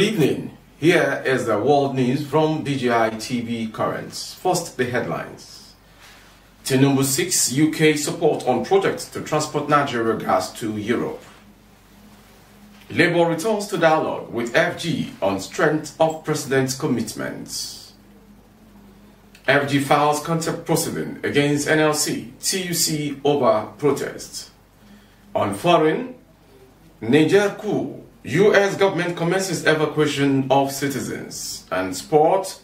Good evening. Here is the world news from DJI TV Currents. First, the headlines. Tinubu 6 UK support on project to transport Nigeria gas to Europe. Labour returns to dialogue with FG on strength of President's commitments. FG files contempt proceeding against NLC, TUC over protests. On foreign, Niger coup US government commences evacuation of citizens and sport.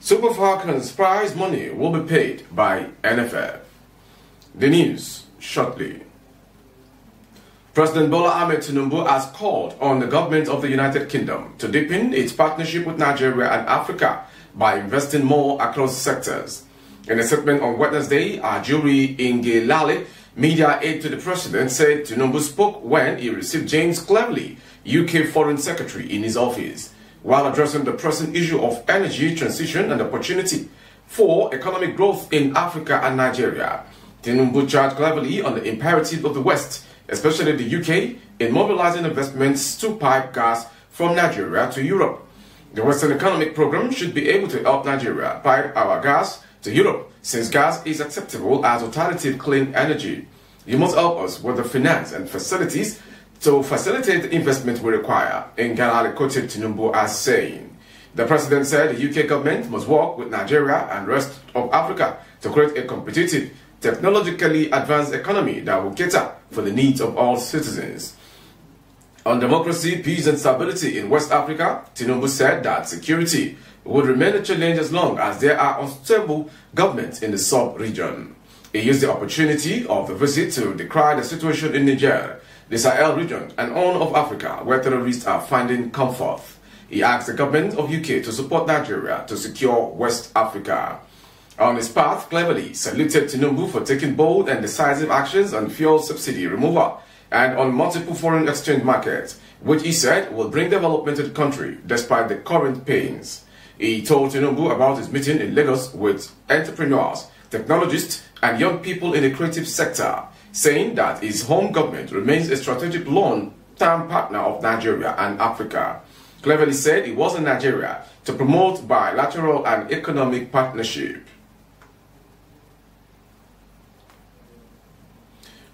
Super Falcons prize money will be paid by NFF. The news shortly. President Bola Ahmed Tinubu has called on the government of the United Kingdom to deepen its partnership with Nigeria and Africa by investing more across sectors. In a statement on Wednesday, Ajuri Ingelale, media aide to the president, said Tinubu spoke when he received James Cleverly, UK Foreign Secretary in his office while addressing the pressing issue of energy transition and opportunity for economic growth in Africa and Nigeria. Tinubu charged cleverly on the imperative of the West, especially the UK, in mobilizing investments to pipe gas from Nigeria to Europe. The Western Economic Program should be able to help Nigeria pipe our gas to Europe, since gas is acceptable as alternative clean energy. You must help us with the finance and facilities to facilitate the investment we require, Ngalale quoted Tinubu as saying. The president said the UK government must work with Nigeria and rest of Africa to create a competitive, technologically advanced economy that will cater for the needs of all citizens. On democracy, peace and stability in West Africa, Tinubu said that security would remain a challenge as long as there are unstable governments in the sub-region. He used the opportunity of the visit to decry the situation in Niger the Sahel region and all of Africa where terrorists are finding comfort. He asked the government of UK to support Nigeria to secure West Africa. On his path, cleverly saluted Tinubu for taking bold and decisive actions on fuel subsidy removal and on multiple foreign exchange markets, which he said will bring development to the country despite the current pains. He told Tinubu about his meeting in Lagos with entrepreneurs, technologists and young people in the creative sector saying that his home government remains a strategic long-term partner of Nigeria and Africa. Cleverly said he was in Nigeria to promote bilateral and economic partnership.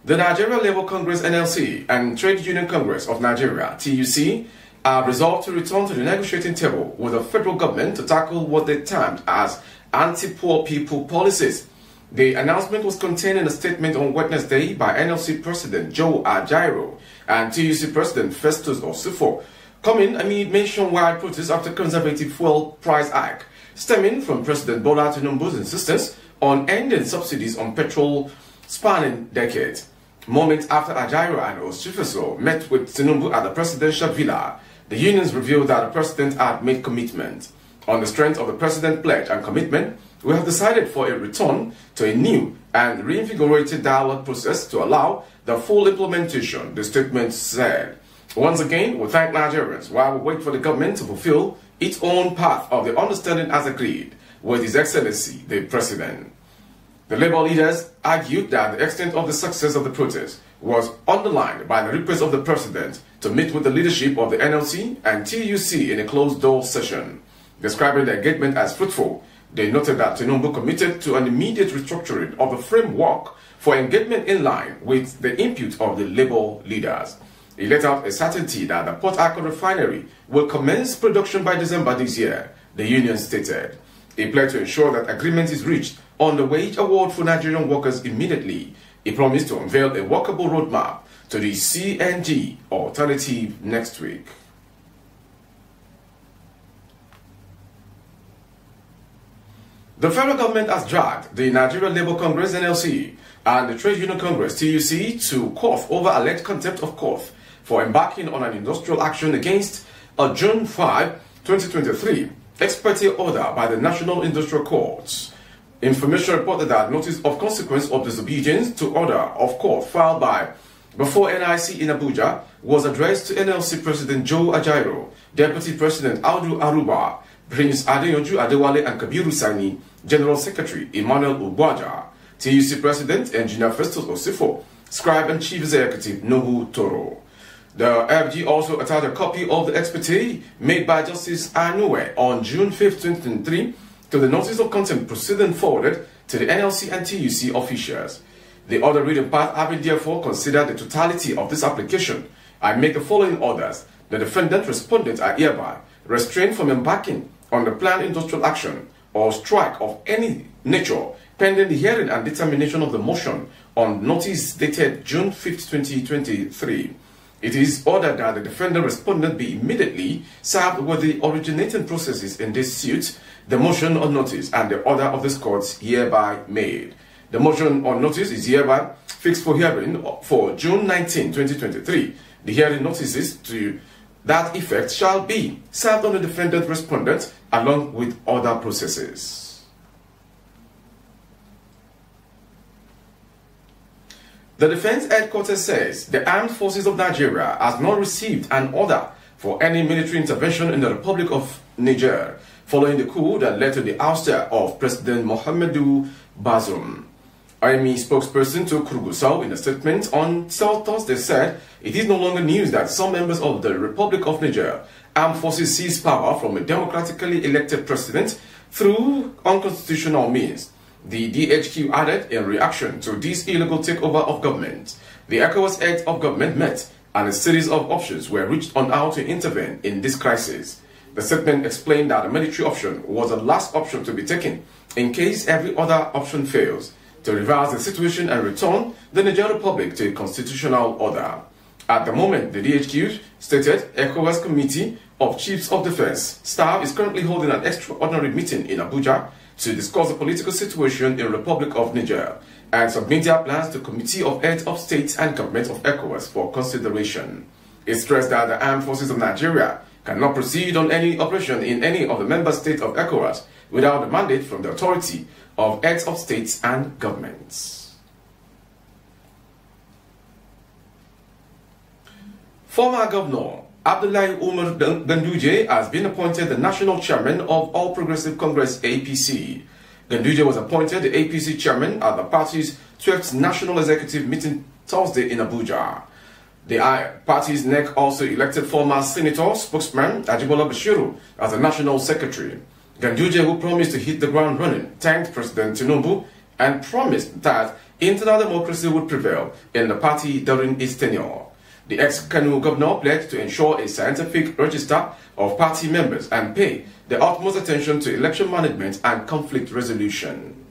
The Nigeria Labour Congress NLC and Trade Union Congress of Nigeria TUC are resolved to return to the negotiating table with the federal government to tackle what they termed as anti-poor people policies the announcement was contained in a statement on Wednesday by NLC President Joe Ajiro and TUC President Festus Osifo, coming amid nationwide protests after conservative fuel price hike, stemming from President Bola Tinubu's insistence on ending subsidies on petrol spanning decades. Moments after Ajiro and Osifo met with Tinubu at the presidential villa, the unions revealed that the president had made commitments. On the strength of the president's pledge and commitment, we have decided for a return to a new and reinvigorated dialogue process to allow the full implementation, the statement said. Once again, we thank Nigerians while we wait for the government to fulfill its own path of the understanding as agreed with His Excellency, the President. The Labour leaders argued that the extent of the success of the protest was underlined by the request of the President to meet with the leadership of the NLC and TUC in a closed-door session, describing the engagement as fruitful they noted that Tinubu committed to an immediate restructuring of the framework for engagement in line with the input of the Labour leaders. He let out a certainty that the Port Harcourt refinery will commence production by December this year, the union stated. He pledged to ensure that agreement is reached on the wage award for Nigerian workers immediately. He promised to unveil a workable roadmap to the CNG alternative next week. The federal government has dragged the Nigeria Labour Congress NLC and the Trade Union Congress TUC to court over alleged contempt of court for embarking on an industrial action against a June 5, 2023 expertise order by the National Industrial Courts. Information reported that notice of consequence of disobedience to order of court filed by before NIC in Abuja was addressed to NLC President Joe Ajairo, Deputy President Audu Aruba, Prince Adeyanju Adewale and Kabiru Sani, General Secretary Emmanuel Ugbaja, TUC President Engineer Festus Osifo, Scribe and Chief Executive Nobu Toro. The FG also attached a copy of the expertise made by Justice Anue on June 5, 2023 to the notice of contempt proceeding forwarded to the NLC and TUC officials. The other reading part having therefore considered the totality of this application, I make the following orders. The defendant respondent are hereby restrained from embarking on the planned industrial action or strike of any nature pending the hearing and determination of the motion on notice dated June 5, 2023. It is ordered that the defendant respondent be immediately served with the originating processes in this suit, the motion on notice, and the order of this court hereby made. The motion on notice is hereby fixed for hearing for June 19, 2023. The hearing notices to that effect shall be served on the defendant respondent along with other processes. The Defense Headquarters says the Armed Forces of Nigeria has not received an order for any military intervention in the Republic of Niger following the coup that led to the ouster of President Mohamedou Bazoum. IME spokesperson to Kurgusau in a statement on Thursday said it is no longer news that some members of the Republic of Niger armed forces seized power from a democratically elected president through unconstitutional means. The DHQ added in reaction to this illegal takeover of government. The ECOWAS head of Government met and a series of options were reached on how to intervene in this crisis. The statement explained that a military option was the last option to be taken in case every other option fails to reverse the situation and return the Niger Republic to a constitutional order. At the moment, the DHQ stated ECOWAS Committee of Chiefs of Defense staff is currently holding an extraordinary meeting in Abuja to discuss the political situation in Republic of Niger and submit their plans to Committee of Heads of State and Government of ECOWAS for consideration. It stressed that the armed forces of Nigeria cannot proceed on any operation in any of the member states of ECOWAS without a mandate from the authority of heads of states and governments. Former Governor Abdullahi Umar Ganduje has been appointed the national chairman of All Progressive Congress APC. Ganduje was appointed the APC chairman at the party's 12th national executive meeting Thursday in Abuja. The party's NEC also elected former senator spokesman Ajibola Bashiru as the national secretary. Ganduje, who promised to hit the ground running, thanked President Tinubu and promised that internal democracy would prevail in the party during his tenure. The ex-Kanu governor pledged to ensure a scientific register of party members and pay the utmost attention to election management and conflict resolution.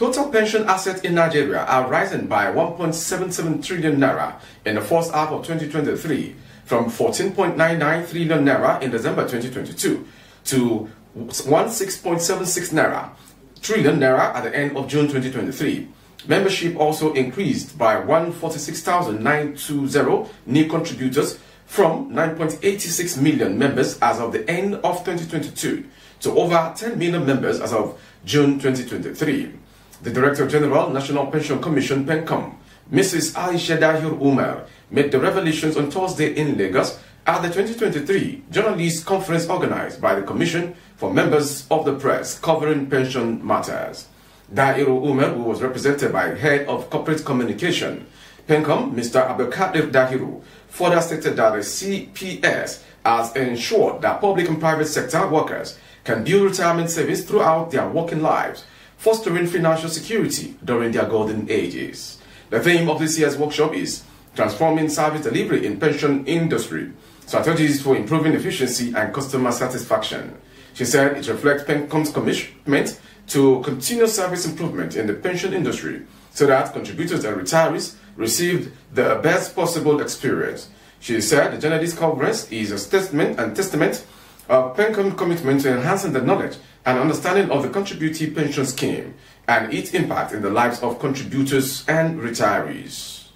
Total pension assets in Nigeria are rising by 1.77 trillion naira in the first half of 2023 from 14.99 trillion naira in December 2022 to 16.76 naira trillion naira at the end of June 2023. Membership also increased by 146,920 new contributors from 9.86 million members as of the end of 2022 to over 10 million members as of June 2023. The Director General, National Pension Commission, PENCOM, Mrs. Aisha Dahir Umar, made the revelations on Thursday in Lagos at the 2023 Journalists Conference organized by the Commission for members of the press covering pension matters. Dahiru Umar, who was represented by Head of Corporate Communication, PENCOM, Mr. Abdelkadir Dahiru, further stated that the CPS has ensured that public and private sector workers can build retirement savings throughout their working lives Fostering Financial Security During Their Golden Ages. The theme of this year's workshop is Transforming Service Delivery in Pension Industry, Strategies for Improving Efficiency and Customer Satisfaction. She said it reflects PENCOM's commitment to continuous service improvement in the pension industry so that contributors and retirees received the best possible experience. She said the journalist conference is a testament and testament of PENCOM's commitment to enhancing the knowledge an understanding of the contributory pension scheme and its impact in the lives of contributors and retirees.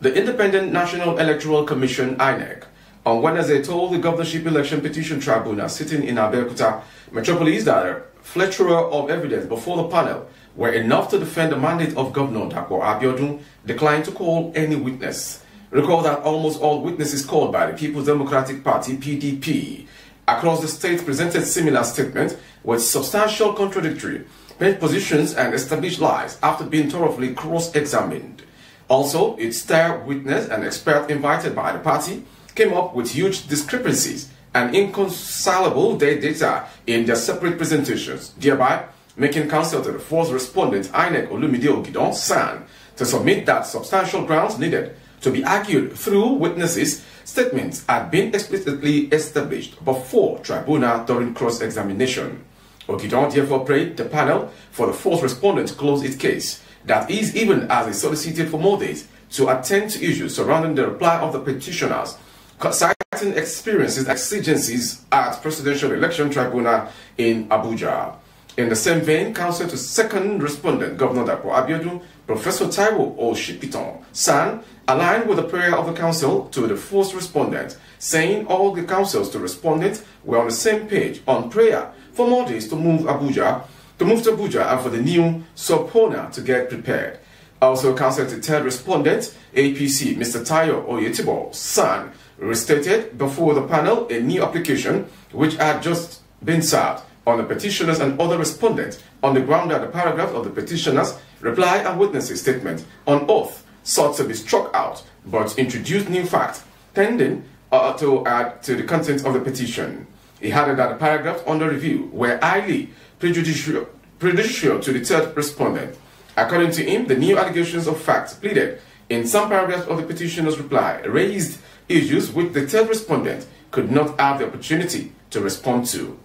The Independent National Electoral Commission, INEC, on Wednesday told the Governorship Election Petition Tribunal sitting in Abeokuta Metropolis that a plethora of evidence before the panel were enough to defend the mandate of Governor Dapo Abiodun declined to call any witness Recall that almost all witnesses called by the People's Democratic Party, PDP, across the state presented similar statements with substantial contradictory positions and established lies after being thoroughly cross-examined. Also, its star witness and expert invited by the party came up with huge discrepancies and inconsolable data in their separate presentations, thereby making counsel to the fourth respondent, Inek Olumide Ogidon, San, to submit that substantial grounds needed to be argued through witnesses' statements had been explicitly established before tribunal during cross-examination. Ogidon therefore prayed the panel for the fourth respondent to close its case, that is even as he solicited for more days to attend to issues surrounding the reply of the petitioners, citing experiences and exigencies at presidential election tribunal in Abuja. In the same vein, counsel to second respondent, Governor Dapo Abiodun, Professor Taiwo Oshipiton San, aligned with the prayer of the council to the first respondent, saying all the councils to respondents were on the same page on prayer for Maldives to move Abuja, to move to Abuja and for the new Sopona to get prepared. Also, counsel to third respondent, APC, Mr. Tayo Oyetibo San, restated before the panel a new application which had just been served on the petitioners and other respondents on the ground that the paragraphs of the petitioners reply and witnesses statement on oath sought to be struck out but introduced new facts tending uh, to add to the content of the petition. He added that the paragraphs under review were highly prejudicial, prejudicial to the third respondent. According to him, the new allegations of facts pleaded in some paragraphs of the petitioner's reply raised issues which the third respondent could not have the opportunity to respond to.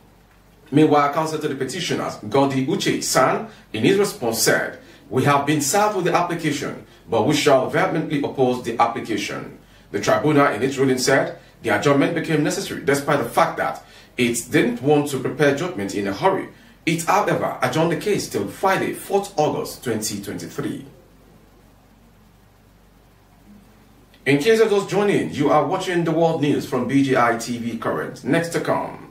Meanwhile, counsel to the petitioners, Godi Uche San, in his response said, We have been served with the application, but we shall vehemently oppose the application. The tribunal in its ruling said, The adjournment became necessary despite the fact that it didn't want to prepare judgment in a hurry. It, however, adjourned the case till Friday, 4th August 2023. In case of those joining, you are watching the world news from BGI TV Current. Next to come.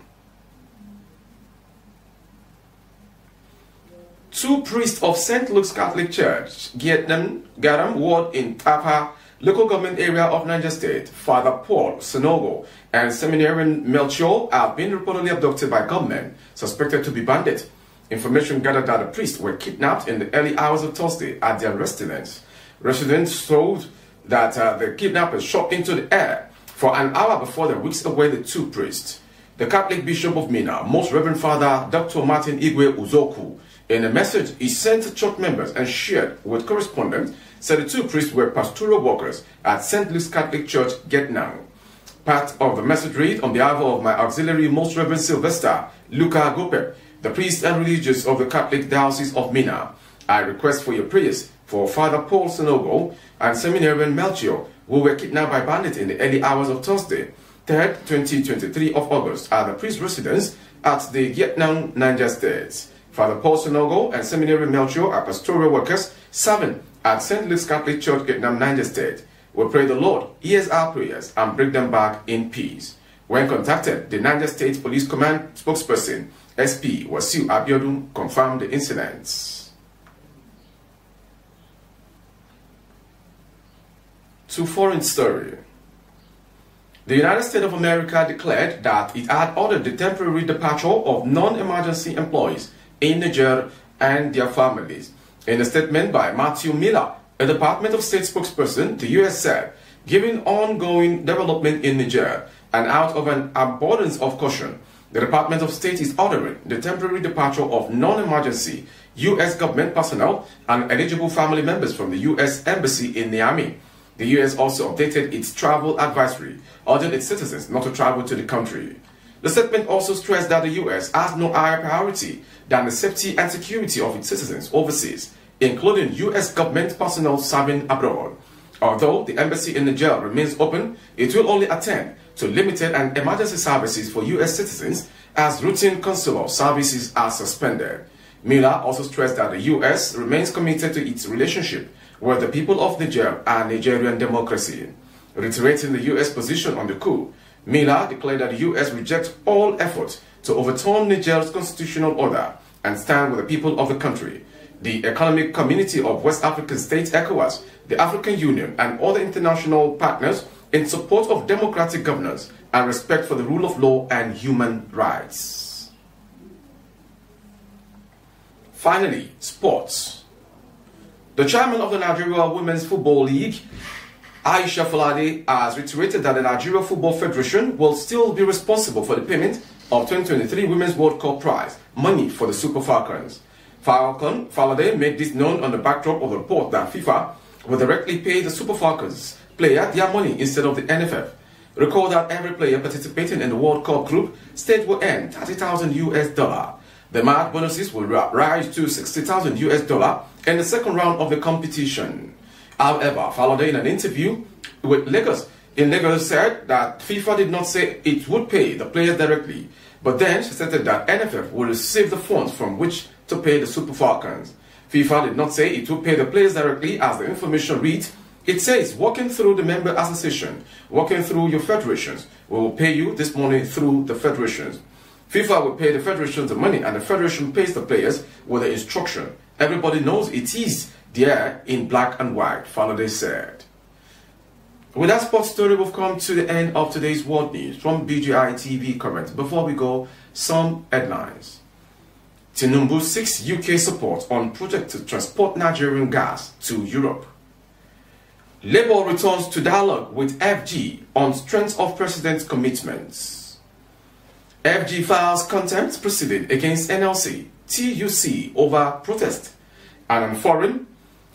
two priests of St. Luke's Catholic Church, Gietnam Garam Ward in Tapa, local government area of Niger State, Father Paul Sonogo and seminarian Melchior have been reportedly abducted by gunmen suspected to be bandits. Information gathered that the priests were kidnapped in the early hours of Thursday at their residence. Residents told that uh, the kidnappers shot into the air for an hour before they whisked away the two priests. The Catholic Bishop of Mina, Most Reverend Father Dr. Martin Igwe Uzoku, in a message he sent to church members and shared with correspondents, 32 priests were pastoral workers at St. Luke's Catholic Church, Vietnam. Part of the message read on behalf of my auxiliary, Most Reverend Sylvester Luca Gope, the priest and religious of the Catholic Diocese of Mina. I request for your prayers for Father Paul Sonogo and Seminarian Melchior, who were kidnapped by bandits in the early hours of Thursday, 3rd, 2023 of August at the priest's residence at the Vietnam Niger States. Father Paul Sinogo and Seminary Melchior are pastoral workers serving at St. Luke's Catholic Church, Vietnam, Niger State. We pray the Lord hears our prayers and bring them back in peace. When contacted, the Niger State Police Command spokesperson, SP Wasil Abiodun, confirmed the incidents. To foreign story. The United States of America declared that it had ordered the temporary departure of non-emergency employees in Niger and their families. In a statement by Matthew Miller, a Department of State spokesperson, the U.S. said, given ongoing development in Niger and out of an abundance of caution, the Department of State is ordering the temporary departure of non-emergency U.S. government personnel and eligible family members from the U.S. Embassy in Niamey. The U.S. also updated its travel advisory, urging its citizens not to travel to the country. The statement also stressed that the US has no higher priority than the safety and security of its citizens overseas, including US government personnel serving abroad. Although the embassy in Niger remains open, it will only attend to limited and emergency services for US citizens as routine consular services are suspended. Miller also stressed that the US remains committed to its relationship with the people of Niger and Nigerian democracy. Reiterating the US position on the coup, Mila declared that the U.S. rejects all efforts to overturn Niger's constitutional order and stand with the people of the country. The Economic Community of West African States, ECOWAS, the African Union, and other international partners in support of democratic governance and respect for the rule of law and human rights. Finally, sports. The chairman of the Nigeria Women's Football League Aisha Falade has reiterated that the Nigeria Football Federation will still be responsible for the payment of 2023 Women's World Cup prize money for the Super Falcons. Falcon Falade made this known on the backdrop of a report that FIFA will directly pay the Super Falcons player their money instead of the NFF. Recall that every player participating in the World Cup group stage will earn 30,000 US dollar. The match bonuses will rise to 60,000 US dollar in the second round of the competition. However, following in an interview with Lagos in Lagos said that FIFA did not say it would pay the players directly, but then she stated that NFF will receive the funds from which to pay the Super Falcons. FIFA did not say it would pay the players directly as the information reads, it says working through the member association, working through your federations, we will pay you this money through the federations. FIFA will pay the federations the money and the federation pays the players with the instruction. Everybody knows it is there in black and white, Faraday said. With that sports story, we've come to the end of today's world news from BGI TV comments. Before we go, some headlines. Tinubu seeks UK support on project to transport Nigerian gas to Europe. Labour returns to dialogue with FG on strength of president's commitments. FG files contempt proceeding against NLC TUC over protest. And on foreign,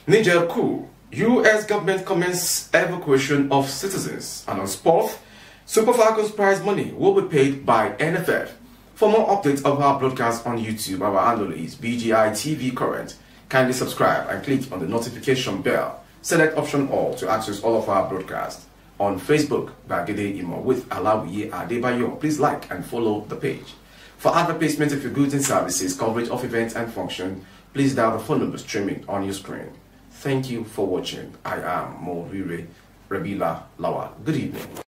Niger coup. U.S. government commence evacuation of citizens. And on sport, Super Falcons prize money will be paid by NFF. For more updates of our broadcast on YouTube, our handle is BGI TV Current. Kindly subscribe and click on the notification bell. Select option all to access all of our broadcasts. On Facebook, Bagede Imo with Alawiye Adebayo. Please like and follow the page. For advertisement of your goods and services, coverage of events and function, please dial the phone number streaming on your screen. Thank you for watching. I am Morire Rabila Lawa. Good evening.